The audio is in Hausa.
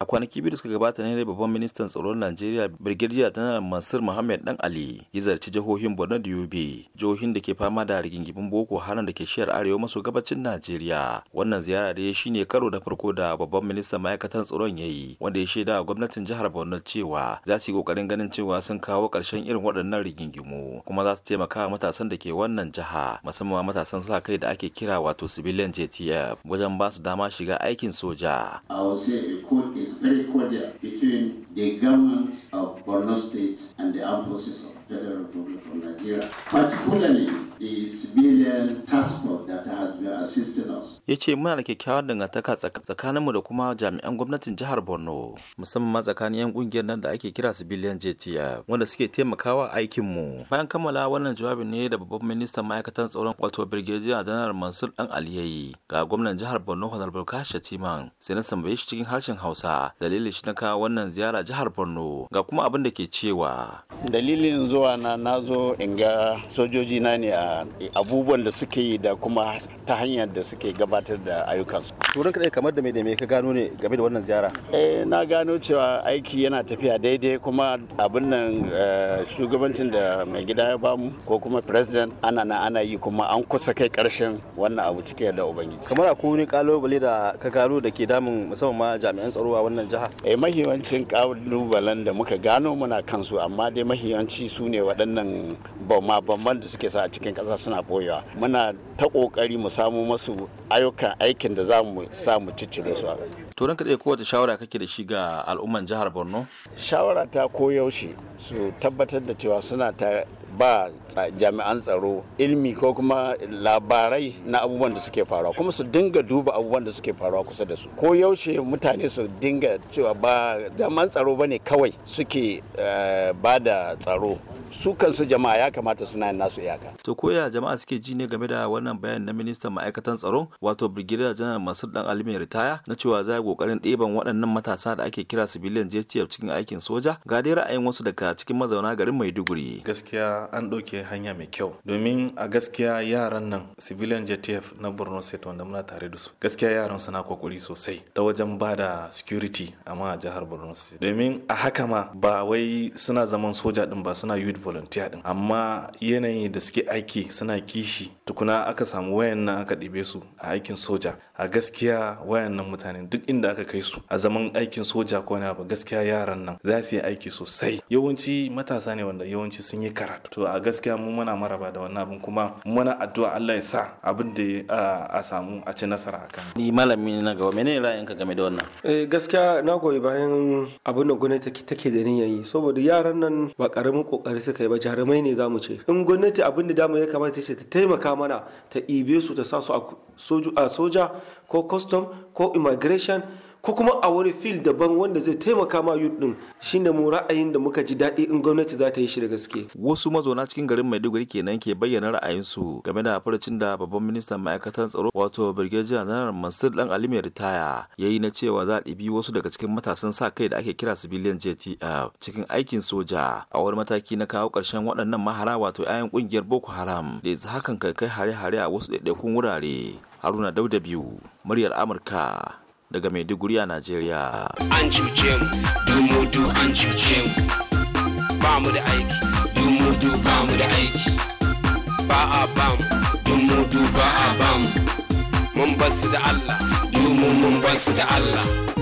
a kwanaki biyu da suka gabata ne babban ministan tsaron najeriya ta janar Masir muhammad dan ali ya zarci jihohin borno da yobe jihohin da ke fama da rigingimin boko haram da ke shiyar arewa maso gabacin najeriya wannan ziyara da ya shine karo na farko da babban ministan ma'aikatan tsaron ya yi wanda ya shaida a gwamnatin jihar borno cewa za su yi kokarin ganin cewa sun kawo karshen irin waɗannan rigingimu kuma za su taimaka wa matasan da ke wannan jiha musamman matasan sa kai da ake kira wato civilian jtf wajen ba su dama shiga aikin soja. is very cordial between the government of Borno State and the armed forces of the Federal Republic of Nigeria, particularly the civilian task force that has been assisting us. Ya ce muna da kyakkyawar dangantaka tsakaninmu da kuma jami'an gwamnatin jihar Borno, musamman ma tsakanin 'yan kungiyar nan da ake kira civilian JTF, wanda suke taimakawa aikinmu. Bayan kammala wannan jawabin ne da babban ministan ma'aikatan tsaron wato Brigadier Janar Mansur Dan Aliyayi ga gwamnan jihar Borno Honorable Kashi Timan, sai na tambaye shi cikin harshen Hausa dalilin shi na kawo wannan ziyara jihar Borno ga kuma abin wanda ke cewa dalilin zuwa na na zo in ga sojoji na ne a abubuwan da suke yi da kuma ta hanyar da suke gabatar da ayyukansu turin kadai kamar da mai da ka gano ne game da wannan ziyara eh na gano cewa aiki yana tafiya daidai kuma abin nan eh, shugabancin da mai gida ya bamu ko kuma president ana na ana yi kuma an kusa kai karshen wannan abu cike da ubangiji kamar akwai wani kalubale da ka gano da ke damun musamman ma jami'an tsaro a wannan jiha eh mahiwancin kalubalen da muka gano muna kansu amma dai mahiyanci su ne waɗannan bama bamban da suke sa a cikin ƙasa suna boyewa muna ta ƙoƙari mu samu masu ayyukan aikin da za mu sa mu ciccire su turan kaɗai kowace shawara kake da shi ga al'umman jihar borno shawara ta koyaushe su tabbatar da cewa suna ta ba jami'an tsaro ilmi ko kuma labarai na abubuwan da suke faruwa kuma su dinga duba abubuwan da suke faruwa kusa da su ko yaushe mutane su dinga cewa ba jami'an tsaro ba ne kawai suke eh, ba da tsaro su kansu jama'a ya kamata suna yin nasu iyaka. To koya jama'a suke ji ne game da wannan bayan na ministan ma'aikatan tsaro wato Brigadier General Masud Dan Alimi ritaya na cewa za a kokarin ɗeban waɗannan matasa da ake kira civilian JTF cikin aikin soja ga dai ra'ayin wasu daga cikin mazauna garin Maiduguri. Gaskiya an ɗauke hanya mai kyau domin a gaskiya yaran nan civilian JTF na Borno State wanda muna tare da su gaskiya yaran suna kokari sosai ta wajen ba da security amma a jihar Borno State domin a haka ma ba wai suna zaman soja din ba suna paid volunteer din amma yanayin da suke aiki suna kishi tukuna aka samu wayan nan aka ɗibe su a aikin soja a gaskiya wayan nan mutane duk inda aka kai su a zaman aikin soja ko ba gaskiya yaran nan za su yi aiki sosai yawanci matasa ne wanda yawanci sun yi karatu to a gaskiya mu muna maraba da wannan abin kuma muna addu'a Allah ya sa abin da a samu a ci nasara akan ni malami na gaba menene ra'ayinka game da wannan eh gaskiya na goyi bayan abin da gwamnati take da niyyar yi saboda yaran nan ba karamin kokari suka yi ba jarumai ne zamu ce in gwamnati abin da dama ya kamata ce ta taimaka mana ta ibe su ta sa su a soja ko custom ko immigration ko kuma a wani fil daban wanda zai taimaka ma yut din shine mu ra'ayin da muka ji daɗi in gwamnati za ta yi shi da gaske wasu mazauna cikin garin Maiduguri kenan ke bayyana ra'ayinsu game da farcin da babban ministan ma'aikatan tsaro wato na General Mansur Dan Ali mai ritaya yi na cewa za a ɗibi wasu daga cikin matasan sa kai da ake kira civilian JTF cikin aikin soja a wani mataki na kawo ƙarshen waɗannan mahara wato 'ya'yan ƙungiyar Boko Haram da yanzu hakan kai kai hare-hare a wasu ɗaiɗaikun wurare. Haruna Dauda biyu, muryar Amurka daga Maiduguri a Najeriya. An cuce mu, du an cuce mu, ba mu da aiki, du du ba mu da aiki, ba a ba mu, du du ba a ba mu, mun basu da Allah, du mun basu da Allah.